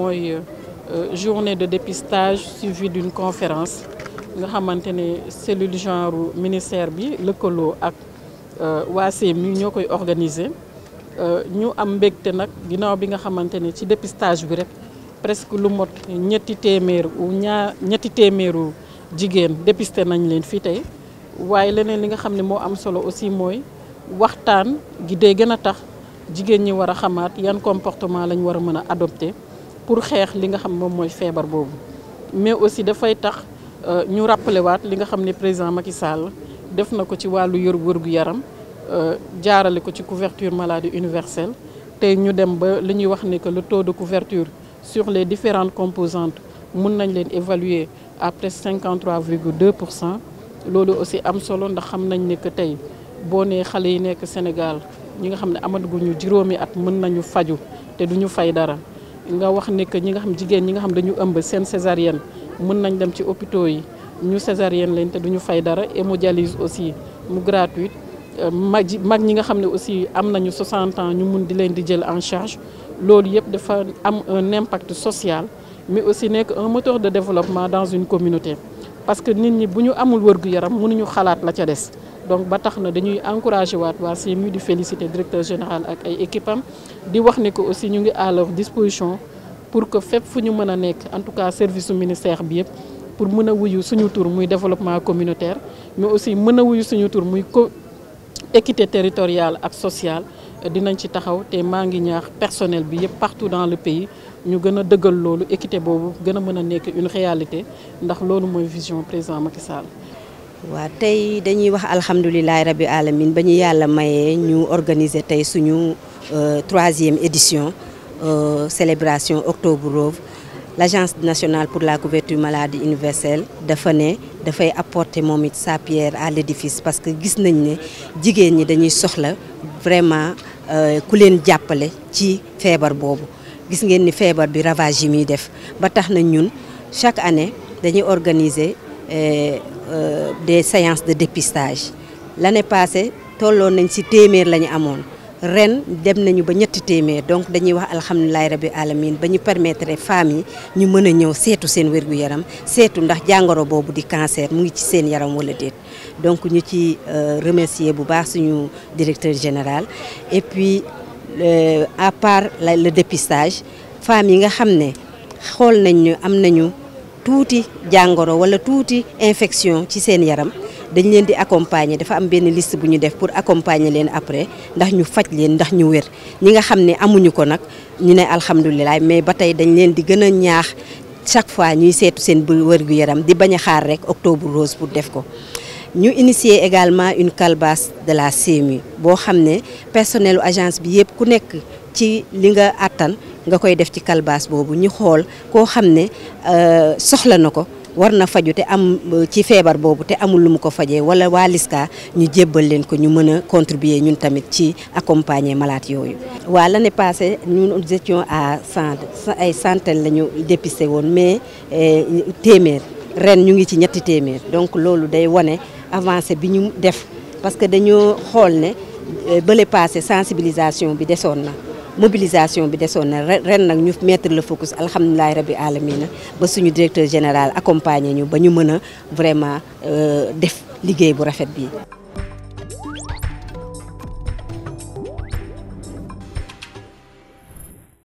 mooy euh, journée de dépistage suivie d'une conférence nga xamante ne cellule genre ministère bi lëkkaloo ak euh, waa CMU ñoo koy organiser euh, ñu am mbégte nag ginnaaw bi nga xamante ne ci dépistage bi rek presque lu mot ñetti téeméer ñaar ñetti téeméeru jigéen dépisté nañ leen fii tey waaye leneen li nga xam ne moo am solo aussi mooy waxtaan gi day gën a tax jigéen ñi war a xamaat yan comportement lañ war a mën a adopté pour xeex li nga xam moom mooy feebar boobu mais aussi dafay tax euh, ñu rappelé waat li nga xam ne président Macky Sall def na ko ci wàllu yor wërgu yaram euh, jaarale ko ci couverture maladie universelle tey ñu dem ba li ñuy wax ne que le taux de couverture sur les différentes composantes mun nañ leen évaluer après presque 53 virgule pour cent loolu aussi am solo ndax xam nañ ne que tey boo nee xale yi nekk Sénégal ñi nga xam ne amaguñu juróomi at mën nañu faju te du ñu fay dara nga wax ne que ñi nga xam jigéen ñi nga xam dañu ëmb seen césarienne mën nañ dem ci hôpitaux yi ñu césarienne leen te duñu fay dara hémodialyse aussi mu gratuite euh, mag mag ñi nga xam ne aussi am nañu 60 ans ñu mun di leen di jël en charge loolu yëpp dafa am un impact social mais aussi nekk un moteur de développement dans une communauté parce que nit ñi bu ñu amul wërgu yaram mënuñu xalaat la ca des donc ba tax na dañuy encouragé waat waa CMU di féliciter directeur général ak ay équipe di wax ni ko aussi ñu ngi à leur disposition pour que fépp fu ñu mën a nekk en tout cas service su ministère bi yëpp pour mën a wuyu suñu tur muy développement communautaire mais aussi mën a wuyu suñu tur muy co équité territorial ak sociale dinañ ci taxaw te maa ngi ñaax personnel bi yëpp partout dans le pays ñu gën a dëggal loolu équité boobu gën a mën a nekk une réalité ndax loolu mooy vision président Macky Sall waa tey dañuy wax alhamdulilahi rabbi alamin ba ñu yàlla mayee ñu organiser tey suñu euh, troisième édition euh, célébration octobre rose l' agence nationale pour la couverture maladie universelle dafa ne dafay apporter moom it sa pierre à l' parce que gis nañ ne jigéen ñi dañuy soxla vraiment euh, ku leen jàppale ci feebar boobu gis ngeen ni feebar bi ravage yi muy def ba tax na ñun chaque année dañuy organiser Euh, des séances de dépistage l'année passée tolloon nañ ci téeméer la ñu amoon ren dem nañu ba ñetti téeméer donc dañuy wax alhamdulilahi rabbi alamin ba ñu permettre femmes yi ñu mën a ñëw seetu seen wér yaram seetu ndax jàngoro boobu di cancer mu ngi ci seen yaram wala déet donc ñu ci euh, remercier bu baax suñu directeur général et puis euh, à part le dépistage femmes yi nga xam ne xool nañ ñu am nañu tuuti jàngoro wala tuuti infection ci seen yaram dañ leen di accompagner dafa am benn liste bu ñu def pour accompagner leen après ndax ñu faj leen ndax ñu wér ñi nga xam ne amuñu ko nag ñu ne alhamdulilah mais ba tey dañ leen di gën a ñaax chaque fois ñuy seetu seen wérgu yaram di bañ a xaar rek octobre rose pour def ko. ñu initier également une calebasse de la CMU boo xam ne personnel agence bi yëpp ku nekk ci li nga àttan. nga koy def ci kalbaas boobu ñu xool koo xam ne euh, soxla na ko war na faju te am euh, ci feebar boobu te amul lu mu ko fajee wala waa Liska ñu jébbal leen ko ñu mën a contribuer ñun tamit ci accompagner malade yooyu. waa l'année passée ñun nous étions à cent ay centaines la ñu dépisté woon mais euh, téeméer ren ñu ngi ci ñetti téeméer donc loolu day wane avancée bi ñu def parce que dañoo xool ne bële passé sensibilisation bi desoon na. mobilisation bi desoon na ren nag ñu mettre le focus alhamdulilah rabbi alamina ba suñu directeur général accompagner ñu ba ñu mën a vraiment euh, def liggéey bu rafet bi